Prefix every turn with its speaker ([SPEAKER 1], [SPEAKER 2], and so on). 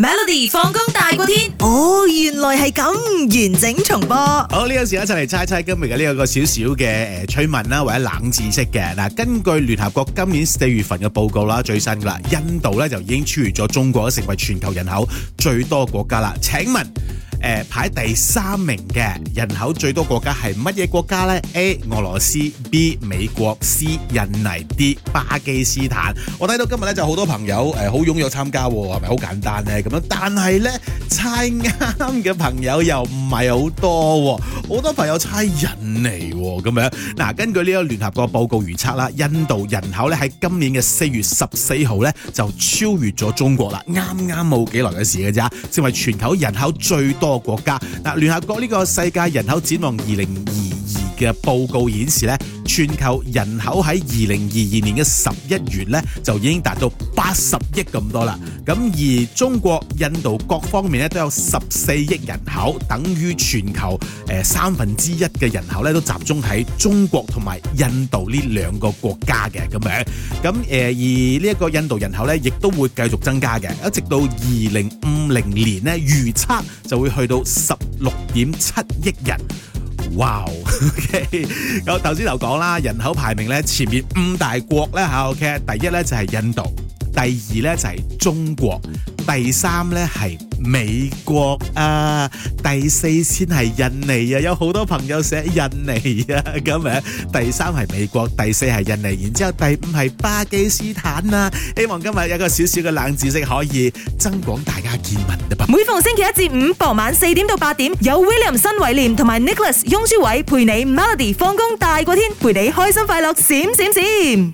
[SPEAKER 1] Melody 放工大過
[SPEAKER 2] 天，哦，原來係咁，完整重播。好，呢個時間，一齊嚟猜猜今日嘅呢個個少少嘅誒，趣聞啦，或者冷知識嘅嗱。根據聯合國今年四月份嘅報告啦，最新噶啦，印度咧就已經超越咗中國，成為全球人口最多國家啦。請問？誒，排第三名嘅人口最多國家係乜嘢國家呢 A 俄羅斯，B 美國，C 印尼，D 巴基斯坦。我睇到今日咧就好多朋友誒，好踊躍參加，係咪好簡單呢？咁樣？但係呢，猜啱嘅朋友又唔係好多。好多朋友猜人嚟喎咁樣。嗱、啊，根據呢個聯合國報告預測啦，印度人口咧喺今年嘅四月十四號咧就超越咗中國啦，啱啱冇幾耐嘅事嘅咋，成為全球人口最多國家。嗱、啊，聯合國呢個世界人口展望二零二。嘅報告顯示咧，全球人口喺二零二二年嘅十一月咧，就已經達到八十億咁多啦。咁而中國、印度各方面咧都有十四億人口，等於全球誒、呃、三分之一嘅人口咧都集中喺中國同埋印度呢兩個國家嘅咁樣。咁誒、呃、而呢一個印度人口咧，亦都會繼續增加嘅，一直到二零五零年咧，預測就會去到十六點七億人。哇 Wow！OK，咁頭先就講啦，人口排名咧前面五大國咧吓，OK，第一咧就係印度，第二咧就係中國。第三咧係美國啊，第四先係印尼啊，有好多朋友寫印尼啊，咁樣第三係美國，第四係印尼，然之後第五係巴基斯坦啦。希望今日有一個少少嘅冷知識可以增廣大家見
[SPEAKER 1] 聞。每逢星期一至五傍晚四點到八點，有 William 新偉廉同埋 Nicholas 雍舒偉陪你 Melody 放工大過天，陪你開心快樂閃閃閃。閃閃閃。